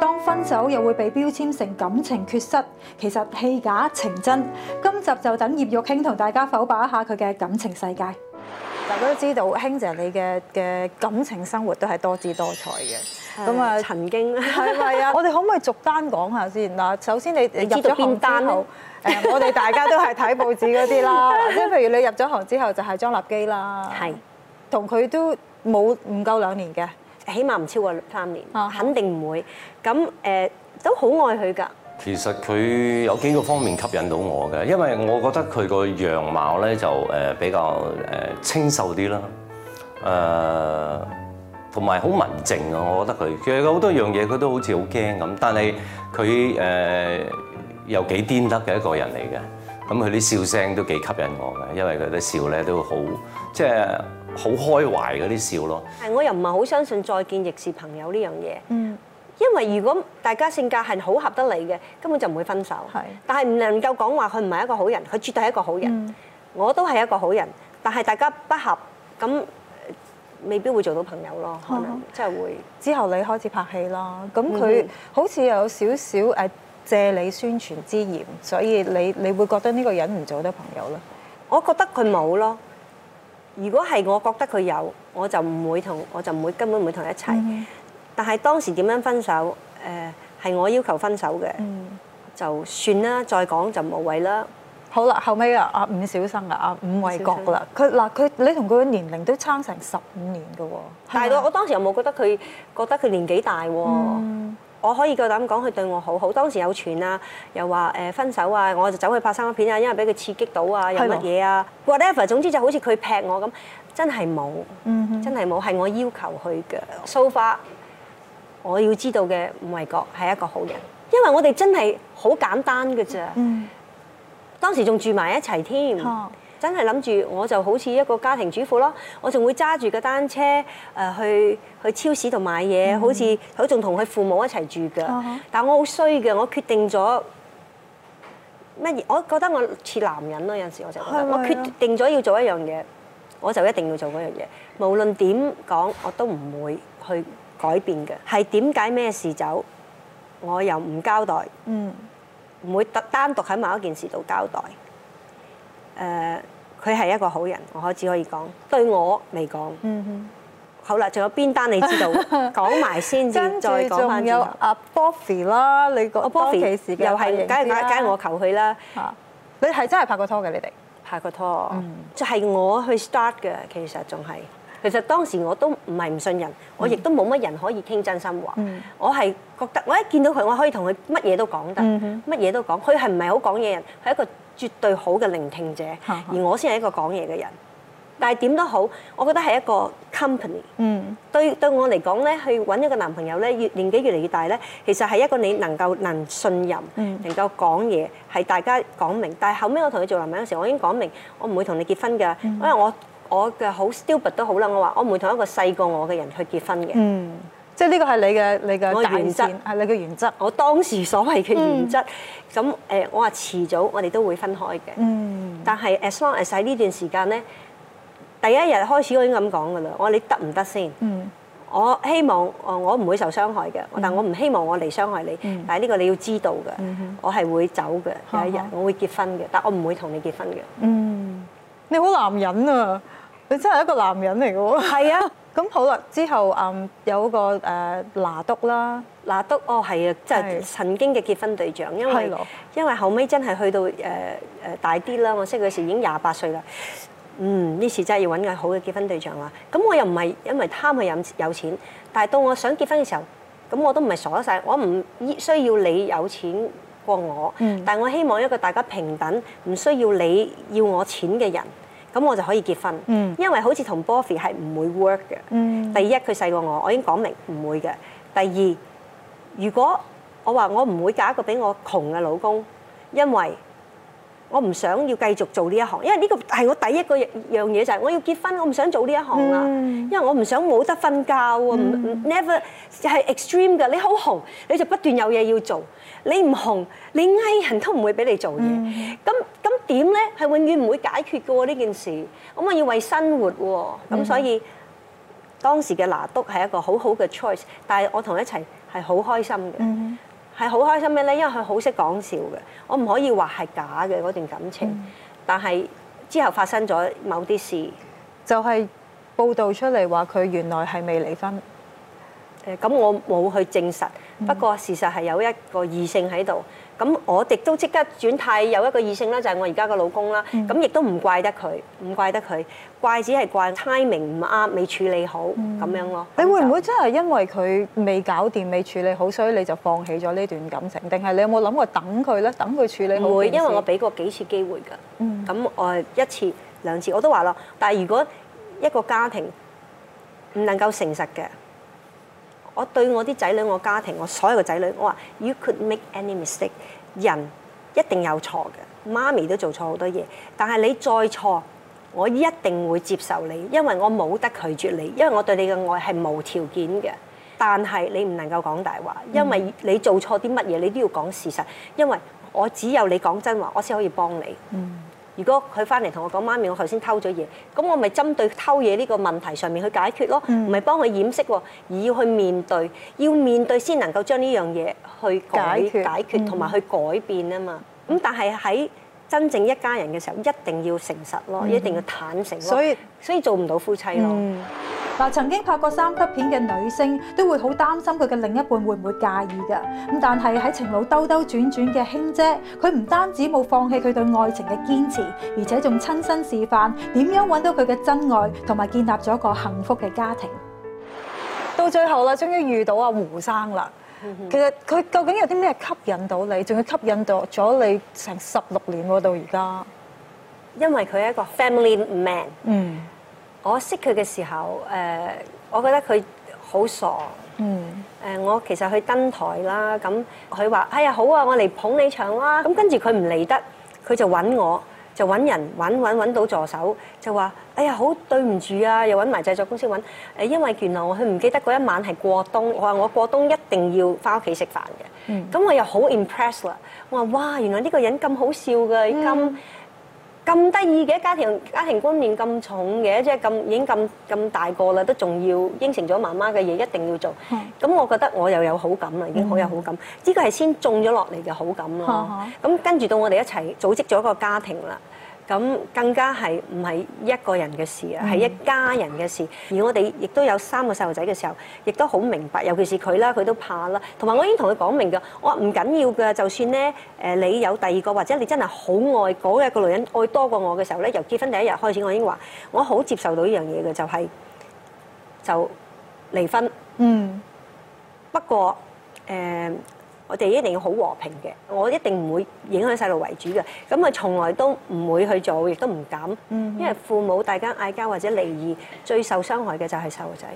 當分手又會被起碼唔超過三年，哦、肯定唔會。咁誒、呃、都好愛佢㗎。其實佢有幾個方面吸引到我嘅，因為我覺得佢個樣貌咧就誒、呃、比較誒、呃、清秀啲啦。誒同埋好文靜啊，我覺得佢其實好多樣嘢佢都好似好驚咁，但係佢誒又幾癲得嘅一個人嚟嘅。咁佢啲笑聲都幾吸引我嘅，因為佢啲笑咧都好，即係。好開懷嗰啲笑咯，但我又唔係好相信再見亦是朋友呢樣嘢，嗯，因為如果大家性格係好合得嚟嘅，根本就唔會分手，係。但係唔能夠講話佢唔係一個好人，佢絕對係一個好人，嗯、我都係一個好人。但係大家不合，咁未必會做到朋友咯，可能即係會、啊。之後你開始拍戲啦，咁佢好似又有少少誒借你宣傳之嫌，所以你你會覺得呢個人唔做得朋友咧？我覺得佢冇咯。如果係我覺得佢有，我就唔會同，我就唔會根本唔會同佢一齊。嗯、但係當時點樣分手？誒、呃，係我要求分手嘅，嗯、就算啦，再講就無謂啦。好啦，後尾啊，阿伍小生啊，阿伍衛國啦，佢嗱佢，你同佢嘅年齡都差成十五年㗎喎，但係我我當時又冇覺得佢覺得佢年紀大喎？嗯我可以夠膽講佢對我好好，當時有傳啊，又話誒、呃、分手啊，我就走去拍三級片啊，因為俾佢刺激到啊，有乜嘢啊，whatever，總之就好似佢劈我咁，真係冇，嗯、哼真係冇，係我要求佢嘅。So far，我要知道嘅吳慧國係一個好人，因為我哋真係好簡單嘅啫。嗯、當時仲住埋一齊添。哦。真係諗住我就好似一個家庭主婦咯，我仲會揸住個單車誒去去超市度買嘢，好似佢仲同佢父母一齊住㗎。但係我好衰嘅，我決定咗乜嘢？我覺得我似男人咯，有陣時我就我決定咗要做一樣嘢，我就一定要做嗰樣嘢，無論點講我都唔會去改變嘅。係點解咩事走，我又唔交代，唔會單獨喺某一件事度交代誒。佢係一個好人，我只可以講對我嚟講。嗯好啦，仲有邊單你知道？講埋先至再講返。仲有阿 Bo 啦，你個當時又係，梗係梗係我求佢啦。嚇，你係真係拍過拖嘅？你哋拍過拖，就係我去 start 嘅。其實仲係，其實當時我都唔係唔信任，我亦都冇乜人可以傾真心話。我係覺得我一見到佢，我可以同佢乜嘢都講得，乜嘢都講。佢係唔係好講嘢人？係一個絕對好嘅聆聽者，呵呵而我先係一個講嘢嘅人。但係點都好，我覺得係一個 company、嗯對。對對，我嚟講咧，去揾一個男朋友咧，越年紀越嚟越大咧，其實係一個你能夠能信任，嗯、能夠講嘢，係大家講明。但係後尾我同佢做男朋友嘅時候，我已經講明我唔會同你結婚嘅，嗯、因為我我嘅好 stupid 都好啦，我話我唔會同一個細過我嘅人去結婚嘅。嗯即係呢個係你嘅你嘅原則，係你嘅原則。我當時所謂嘅原則，咁誒，我話遲早我哋都會分開嘅。嗯，但係 as long as 喺呢段時間咧，第一日開始我已經咁講噶啦。我話你得唔得先？嗯，我希望我唔會受傷害嘅，但我唔希望我嚟傷害你。但係呢個你要知道嘅，我係會走嘅，有一日我會結婚嘅，但我唔會同你結婚嘅。嗯，你好男人啊，你真係一個男人嚟嘅喎。係啊。咁好啦，之後誒、嗯、有個誒、呃、拿督啦，拿督哦，係啊，即係曾經嘅結婚對象，是因為因為後尾真係去到誒誒、呃呃呃、大啲啦，我識佢時已經廿八歲啦。嗯，呢時真係要揾個好嘅結婚對象啦。咁、嗯、我又唔係因為貪佢有有錢，但係到我想結婚嘅時候，咁我都唔係傻得曬，我唔需要你有錢過我，嗯、但係我希望一個大家平等，唔需要你要我錢嘅人。咁我就可以結婚，嗯、因為好似同 Boffy 係唔會 work 嘅。嗯、第一佢細過我，我已經講明唔會嘅。第二，如果我話我唔會嫁一個比我窮嘅老公，因為。我唔想要繼續做呢一行，因為呢個係我第一個樣嘢就係、是、我要結婚，我唔想做呢一行啦。嗯、因為我唔想冇得瞓覺唔唔、嗯、never 係 extreme 㗎。你好紅，你就不斷有嘢要做，你唔紅，你嗌人都唔會俾你做嘢。咁咁點咧係永遠唔會解決嘅呢件事。咁我要為生活喎，咁、嗯、所以、嗯、當時嘅拿督係一個好好嘅 choice，但係我同一齊係好開心嘅。嗯係好開心嘅咧，因為佢好識講笑嘅。我唔可以話係假嘅嗰段感情，嗯、但係之後發生咗某啲事，就係報道出嚟話佢原來係未離婚。誒、嗯，咁我冇去證實，嗯、不過事實係有一個異性喺度。咁我亦都即刻轉態，有一個異性啦，就係、嗯、我而家個老公啦。咁亦都唔怪得佢，唔怪得佢，怪只係怪 timing 唔啱，未處理好咁、嗯、樣咯。你會唔會真係因為佢未搞掂、未處理好，所以你就放棄咗呢段感情？定係你有冇諗過等佢咧？等佢處理好？唔會，因為我俾過幾次機會㗎。咁、嗯、我一次兩次，我都話啦。但係如果一個家庭唔能夠誠實嘅。我對我啲仔女，我家庭，我所有嘅仔女，我話：You could make any mistake，人一定有錯嘅。媽咪都做錯好多嘢，但係你再錯，我一定會接受你，因為我冇得拒絕你，因為我對你嘅愛係無條件嘅。但係你唔能夠講大話，因為你做錯啲乜嘢，你都要講事實，因為我只有你講真話，我先可以幫你。嗯。如果佢翻嚟同我講媽咪，我頭先偷咗嘢，咁我咪針對偷嘢呢個問題上面去解決咯，唔係、嗯、幫佢掩飾喎，而要去面對，要面對先能夠將呢樣嘢去解決、嗯、解決同埋去改變啊嘛。咁但係喺真正一家人嘅時候，一定要誠實咯，嗯、一定要坦誠咯。所以所以做唔到夫妻咯。嗯。嗱，曾經拍過三級片嘅女星都會好擔心佢嘅另一半會唔會介意噶，咁但係喺情路兜兜轉轉嘅卿姐，佢唔單止冇放棄佢對愛情嘅堅持，而且仲親身示範點樣揾到佢嘅真愛，同埋建立咗一個幸福嘅家庭。到最後啦，終於遇到阿胡生啦。嗯、哼其實佢究竟有啲咩吸引到你，仲要吸引到咗你成十六年到而家？因為佢係一個 family man。嗯。我識佢嘅時候，誒、呃，我覺得佢好傻。嗯。誒、呃，我其實去登台啦，咁佢話：哎呀，好啊，我嚟捧你場啦、啊。咁、嗯、跟住佢唔嚟得，佢就揾我，就揾人揾揾揾到助手，就話：哎呀，好對唔住啊，又揾埋製作公司揾。誒、嗯，因為原來我佢唔記得嗰一晚係過冬，我話我過冬一定要翻屋企食飯嘅。嗯。咁我又好 impressed 啦。我話：哇，原來呢個人咁好笑嘅，咁。嗯咁得意嘅家庭，家庭觀念咁重嘅，即係咁已經咁咁大個啦，都仲要應承咗媽媽嘅嘢一定要做。咁是我覺得我又有好感啦，嗯、已經好有好感。呢、這個係先種咗落嚟嘅好感咯。咁跟住到我哋一齊組織咗一個家庭啦。咁更加係唔係一個人嘅事啊，係一家人嘅事。而我哋亦都有三個細路仔嘅時候，亦都好明白。尤其是佢啦，佢都怕啦。同埋我已經同佢講明㗎，我話唔緊要嘅，就算咧誒，你有第二個或者你真係好愛嗰一個女人，愛多過我嘅時候咧，由結婚第一日開始，我已經話我好接受到呢樣嘢嘅，就係就離婚。嗯。不過誒。我哋一定要好和平嘅，我一定唔會影響細路為主嘅。咁啊從來都唔會去做，亦都唔敢，因為父母大家嗌交或者離異，最受傷害嘅就係細路仔。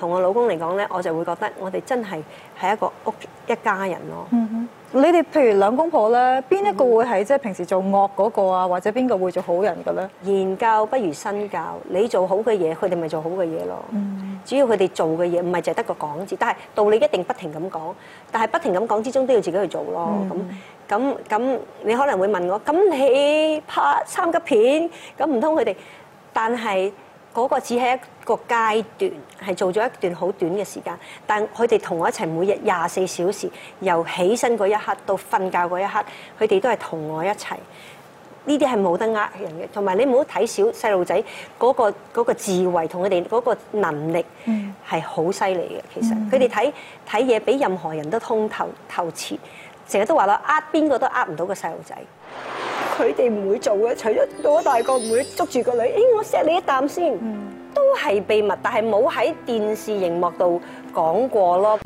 同我老公嚟講咧，我就會覺得我哋真係係一個屋一家人咯。嗯哼，你哋譬如兩公婆咧，邊一個會係即係平時做惡嗰個啊？或者邊個會做好人嘅咧？言教不如身教，你做好嘅嘢，佢哋咪做好嘅嘢咯。嗯，主要佢哋做嘅嘢唔係淨係得個講字，但係道理一定不停咁講。但係不停咁講之中，都要自己去做咯。咁咁咁，你可能會問我：咁你拍三級片，咁唔通佢哋？但係嗰個只係一個階段，係做咗一段好短嘅時間，但佢哋同我一齊每日廿四小時，由起身嗰一刻到瞓覺嗰一刻，佢哋都係同我一齊。呢啲係冇得呃人嘅，同埋你唔好睇小細路仔嗰個嗰個智慧，同佢哋嗰個能力係好犀利嘅。其實佢哋睇睇嘢比任何人都通透透徹，成日都話啦，呃邊個都呃唔到個細路仔。佢哋唔會做嘅，除咗到咗大個唔會捉住個女，誒我錫你一啖先，都係秘密，但係冇喺電視熒幕度講過咯。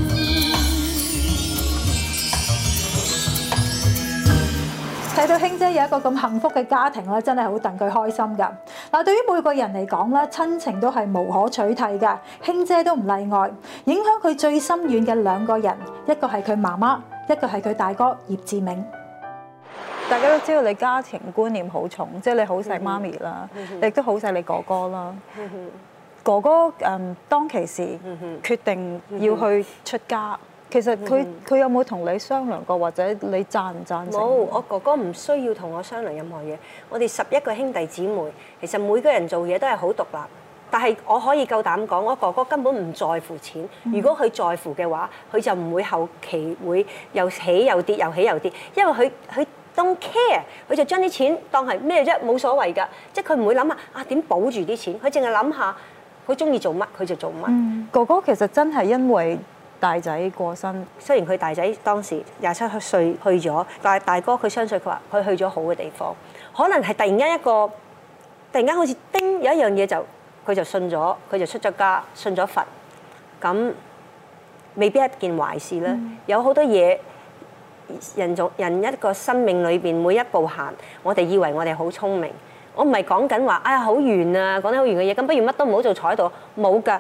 睇到卿姐有一個咁幸福嘅家庭咧，真係好戥佢開心噶。嗱，對於每個人嚟講咧，親情都係無可取替嘅，卿姐都唔例外。影響佢最深遠嘅兩個人，一個係佢媽媽，一個係佢大哥葉志明。大家都知道你家庭觀念好重，即係你好錫媽咪啦，亦都好錫你哥哥啦。嗯、哥哥誒、嗯、當其時決定要去出家，其實佢佢、嗯、有冇同你商量過，或者你贊唔贊成？冇，我哥哥唔需要同我商量任何嘢。我哋十一個兄弟姊妹，其實每個人做嘢都係好獨立。但係我可以夠膽講，我哥哥根本唔在乎錢。如果佢在乎嘅話，佢就唔會後期會又起又跌，又起又跌，因為佢佢。Don't care，佢就將啲錢當係咩啫？冇所謂㗎，即係佢唔會諗下啊點保住啲錢，佢淨係諗下佢中意做乜佢就做乜。哥哥其實真係因為大仔過身，雖然佢大仔當時廿七歲去咗，但係大哥佢相信佢話佢去咗好嘅地方，可能係突然間一個突然間好似叮有一樣嘢就佢就信咗，佢就出咗家信咗佛，咁未必係一件壞事啦。嗯，有好多嘢。人做人一個生命裏邊每一步行，我哋以為我哋好聰明，我唔係講緊話，哎呀好玄啊，講得好玄嘅嘢，咁不如乜都唔好做，坐喺度，冇㗎。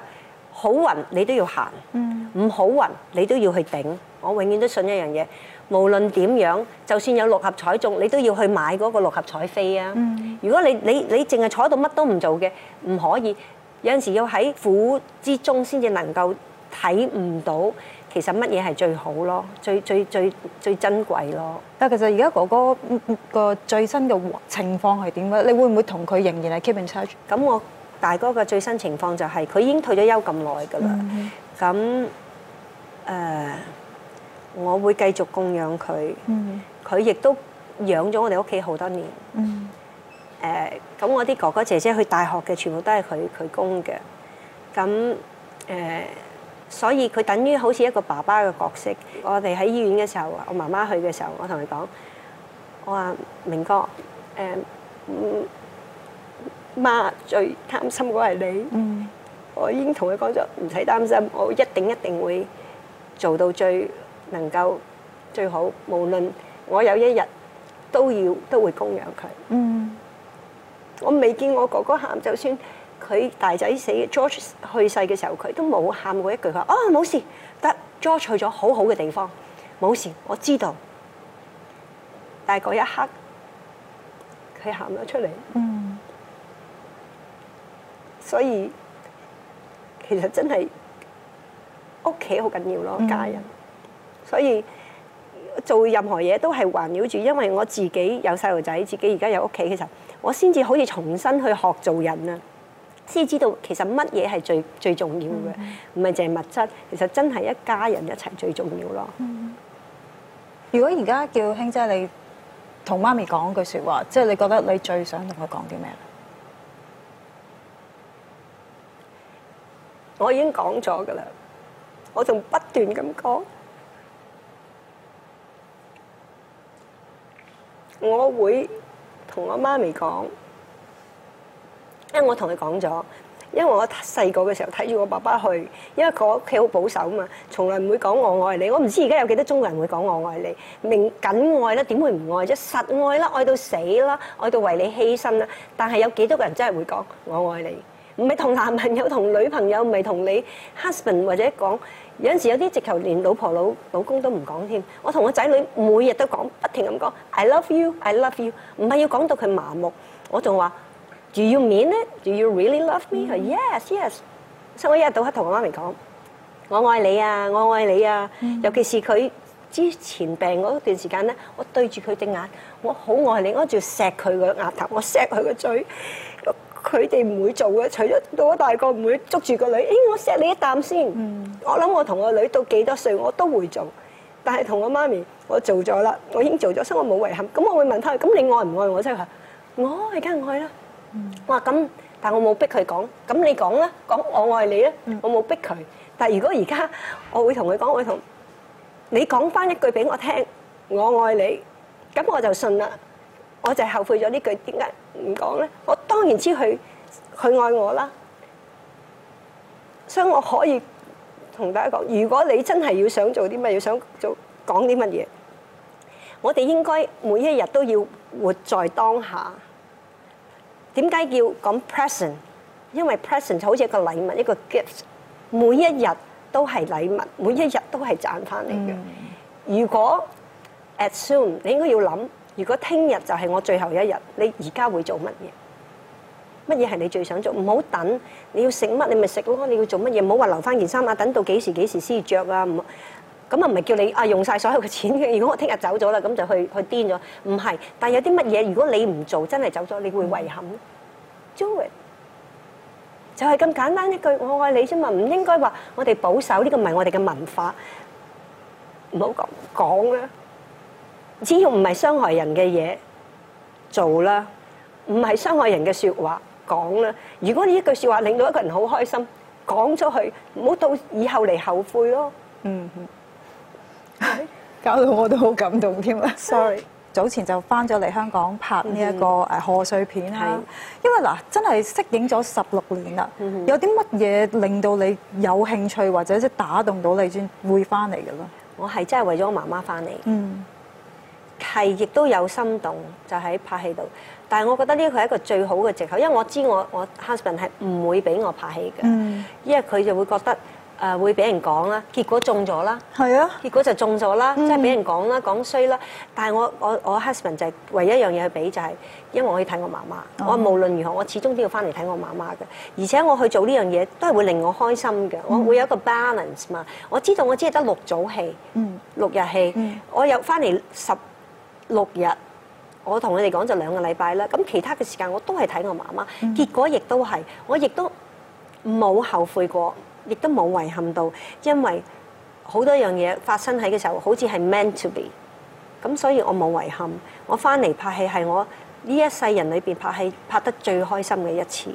好運你都要行，嗯、唔好運你都要去頂。我永遠都信一樣嘢，無論點樣，就算有六合彩中，你都要去買嗰個六合彩飛啊。嗯、如果你你你淨係坐喺度乜都唔做嘅，唔可以。有陣時要喺苦之中先至能夠睇唔到。其實乜嘢係最好咯？最最最最珍貴咯！但其實而家哥哥個最新嘅情況係點咧？你會唔會同佢仍然係 keep in touch？咁我大哥嘅最新情況就係佢已經退咗休咁耐噶啦。咁誒，我會繼續供養佢。佢亦都養咗我哋屋企好多年。誒，咁我啲哥哥姐姐去大學嘅全部都係佢佢供嘅。咁誒。所以，佢等於好似一個爸爸嘅角色我哋喺醫院嘅時候，我媽媽去嘅時候我同佢講，我話，明哥，誒，媽最擔心嗰係你。我已經同佢講咗唔使擔心，我一定一定會做到最能夠最好，無論我有一日都要都會供養佢。我未見我哥哥喊，就算佢大仔死嘅，George 去世嘅時候，佢都冇喊過一句。佢話：哦，冇事，得 George 去咗好好嘅地方，冇事，我知道。但係嗰一刻，佢喊咗出嚟。嗯。所以其實真係屋企好緊要咯，家人家家。嗯、所以做任何嘢都係環繞住，因為我自己有細路仔，自己而家有屋企嘅時候，我先至可以重新去學做人啊！先知道其實乜嘢係最最重要嘅，唔係淨係物質，其實真係一家人一齊最重要咯。Mm hmm. 如果而家叫卿姐你同媽咪講句説話，即係你覺得你最想同佢講啲咩咧？我已經講咗噶啦，我仲不斷咁講，我會同我媽咪講。因為我同佢講咗，因為我細個嘅時候睇住我爸爸去，因為佢屋企好保守啊嘛，從來唔會講我愛你。我唔知而家有幾多中國人會講我愛你，明梗愛啦，點會唔愛啫？實愛啦，愛到死啦，愛到為你犧牲啦。但係有幾多個人真係會講我愛你？唔係同男朋友、同女朋友，唔係同你 husband 或者講。有陣時有啲直頭連老婆、老老公都唔講添。我同我仔女每日都講，不停咁講，I love you, I love you。唔係要講到佢麻木，我仲話。Do you mean it? Do you really love me? Yes, yes。所以我一日到黑同我媽咪講，我愛你啊！我愛你啊！尤其是佢之前病嗰段時間咧，我對住佢隻眼，我好愛你。我仲錫佢個額頭，我錫佢個嘴。佢哋唔會做嘅，除咗到我大個唔會捉住個女。誒，我錫你一啖先。我諗我同個女到幾多歲我都會做，但係同我媽咪我做咗啦，我已經做咗，所以我冇遺憾。咁我會問佢：咁你愛唔愛我？即係話我梗係愛啦。哇！咁，但我冇逼佢講。咁你講啦，講我愛你啦，我冇逼佢。但係如果而家我會同佢講，我同你講翻一句俾我聽，我愛你。咁我就信啦。我就後悔咗呢句，點解唔講咧？我當然知佢佢愛我啦，所以我可以同大家講：如果你真係要想做啲乜，要想做講啲乜嘢，我哋應該每一日都要活在當下。點解要講 present？因為 present 就好似一個禮物，一個 gift。每一日都係禮物，每一日都係賺翻嚟嘅。如果 at soon，你應該要諗：如果聽日就係我最後一日，你而家會做乜嘢？乜嘢係你最想做？唔好等，你要食乜你咪食咯。你要做乜嘢？唔好話留翻件衫啊，等到幾時幾時先著啊？唔好。咁啊，唔係叫你啊用曬所有嘅錢嘅。如果我聽日走咗啦，咁就去去癲咗。唔係，但係有啲乜嘢，如果你唔做，真係走咗，你會遺憾。Joey 就係咁簡單一句，我愛你啫嘛。唔應該話我哋保守呢個唔係我哋嘅文化。唔好講講啦。只要唔係傷害人嘅嘢，做啦。唔係傷害人嘅説話講啦。如果你一句説話令到一個人好開心，講咗去，唔好到以後嚟後悔咯。嗯。搞到我都好感動添啊！Sorry，早前就翻咗嚟香港拍呢一個誒賀歲片啦、mm。Hmm. 因為嗱的，真係息影咗十六年啦，mm hmm. 有啲乜嘢令到你有興趣或者即係打動到你先會翻嚟嘅咯？我係真係為咗我媽媽翻嚟，係、mm hmm. 亦都有心動就喺、是、拍戲度，但係我覺得呢個係一個最好嘅借口，因為我知我我 husband 係唔會俾我拍戲嘅，mm hmm. 因為佢就會覺得。誒、呃、會俾人講啦，結果中咗啦，係啊，結果就中咗啦，即係俾人講啦，講衰啦。但係我我我 husband 就係唯一一樣嘢去俾就係、是，因為我去睇我媽媽，哦、我無論如何我始終都要翻嚟睇我媽媽嘅。而且我去做呢樣嘢都係會令我開心嘅，我會有一個 balance 嘛。嗯、我知道我只係得六組戲，嗯、六日戲，嗯、我有翻嚟十六日，我同你哋講就兩個禮拜啦。咁其他嘅時間我都係睇我媽媽，結果亦都係，我亦都冇後悔過，過。亦都冇遺憾到，因為好多樣嘢發生喺嘅時候，好似係 meant to be，咁所以我冇遺憾。我翻嚟拍戲係我呢一世人裏邊拍戲拍得最開心嘅一次，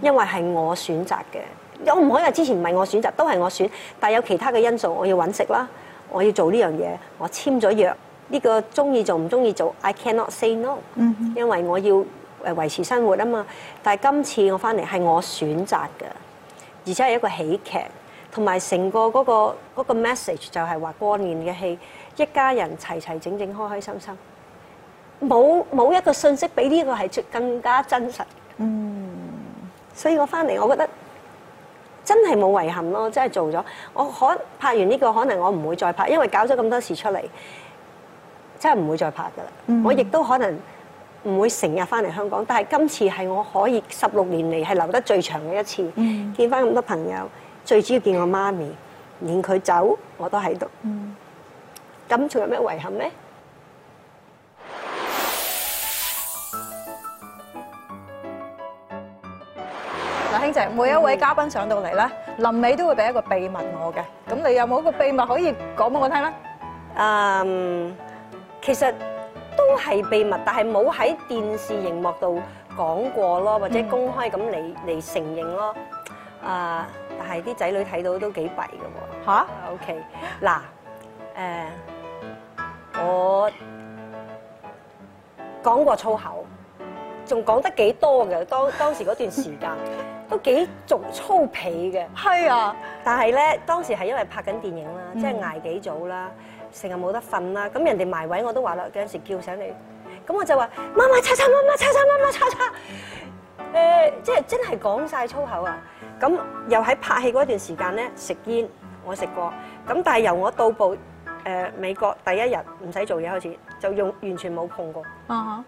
因為係我選擇嘅。我唔可以話之前唔係我選擇，都係我選。但係有其他嘅因素，我要揾食啦，我要做呢樣嘢，我簽咗約，呢個中意做、唔中意做，I cannot say no，因為我要誒維持生活啊嘛。但係今次我翻嚟係我選擇嘅。而且係一個喜劇，同埋成個嗰、嗰個 message、嗰個、就係話過年嘅戲，一家人齊齊整整開開心心，冇冇一個信息比呢個係更加真實。嗯，所以我翻嚟，我覺得真係冇遺憾咯，我真係做咗。我可拍完呢、呢個，可能我唔會再拍，因為搞咗咁多事出嚟，真係唔會再拍噶啦。嗯、我亦都可能。唔會成日翻嚟香港，但係今次係我可以十六年嚟係留得最長嘅一次，見翻咁多朋友，最主要見我媽咪，連佢走我都喺度。咁仲有咩遺憾呢？嗱，卿姐，每一位嘉賓上到嚟咧，臨尾都會俾一個秘密我嘅，咁你有冇一個秘密可以講俾我聽咧？誒，其實。都係秘密，但係冇喺電視熒幕度講過咯，或者公開咁嚟嚟承認咯。呃、啊！但係啲仔女睇到都幾弊嘅喎嚇。OK 嗱，誒我講過粗口，仲講得幾多嘅？當當時嗰段時間 都幾俗粗鄙嘅。係啊， 但係咧當時係因為拍緊電影啦，即係捱幾早啦。嗯成日冇得瞓啦，咁人哋埋位我都話啦，有陣時叫醒你，咁我就話，媽媽叉叉，媽媽叉叉，媽媽叉叉，誒、呃，即係真係講晒粗口啊！咁又喺拍戲嗰段時間咧，食煙，我食過，咁但係由我到埗誒、呃、美國第一日唔使做嘢開始，就用完全冇碰過。Uh huh.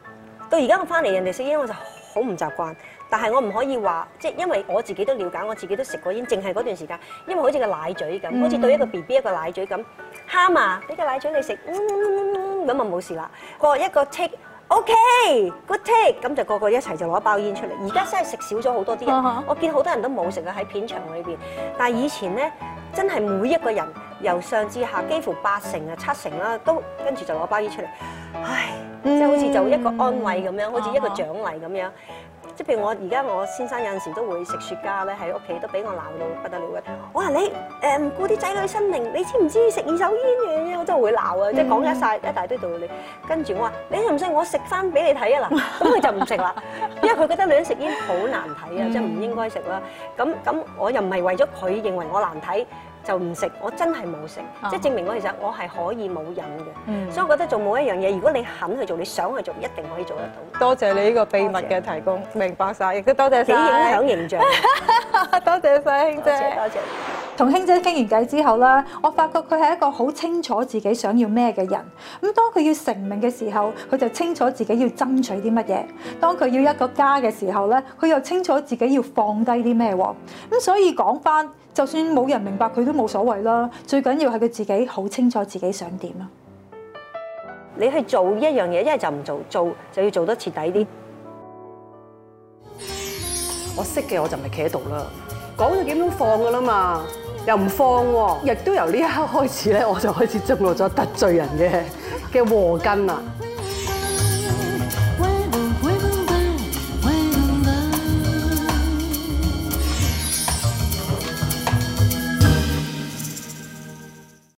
到而家我翻嚟人哋食煙，我就好唔習慣。但係我唔可以話，即係因為我自己都了解，我自己都食過煙，淨係嗰段時間，因為好似個奶嘴咁，好似對一個 B B 一個奶嘴咁。Uh huh. 蝦嘛，俾個奶嘴你食，咁、嗯嗯嗯嗯、就冇事啦。過一個 take，OK，good take，咁、okay, good take. 就個個一齊就攞包煙出嚟。而家真係食少咗好多啲人，uh huh. 我見好多人都冇食啊，喺片場裏邊。但係以前咧，真係每一個人由上至下，幾乎八成啊，七成啦，都跟住就攞包煙出嚟。唉，即係好似就一個安慰咁樣，uh huh. 好似一個獎勵咁樣。即係譬如我而家我先生有陣時都會食雪茄咧，喺屋企都俾我鬧到不得了嘅。我話你誒唔、呃、顧啲仔女生命，你知唔知食二手煙嘅？我真係會鬧啊！即係講一晒一大堆道理，跟住我話你信唔信？我食翻俾你睇啊！嗱，咁佢就唔食啦，因為佢覺得女人食煙好難睇啊，即係唔應該食啦。咁咁，我又唔係為咗佢認為我難睇。就唔食，我真係冇食，uh huh. 即係證明我其實我係可以冇飲嘅。Mm hmm. 所以我覺得做每一樣嘢，如果你肯去做，你想去做，一定可以做得到。多謝你呢個秘密嘅提供，謝明白晒。亦都多謝你多影響形象， 多謝曬，卿姐，多謝。同卿姐傾完偈之後咧，我發覺佢係一個好清楚自己想要咩嘅人。咁當佢要成名嘅時候，佢就清楚自己要爭取啲乜嘢；當佢要一個家嘅時候咧，佢又清楚自己要放低啲咩。咁所以講翻，就算冇人明白佢都冇所謂啦。最緊要係佢自己好清楚自己想點啊！你係做一樣嘢，一係就唔做，做就要做得徹底啲。我識嘅我就唔係企喺度啦，講咗點都放噶啦嘛。又唔放喎，亦都由呢一刻開始咧，我就開始種落咗得罪人嘅嘅禍根啦！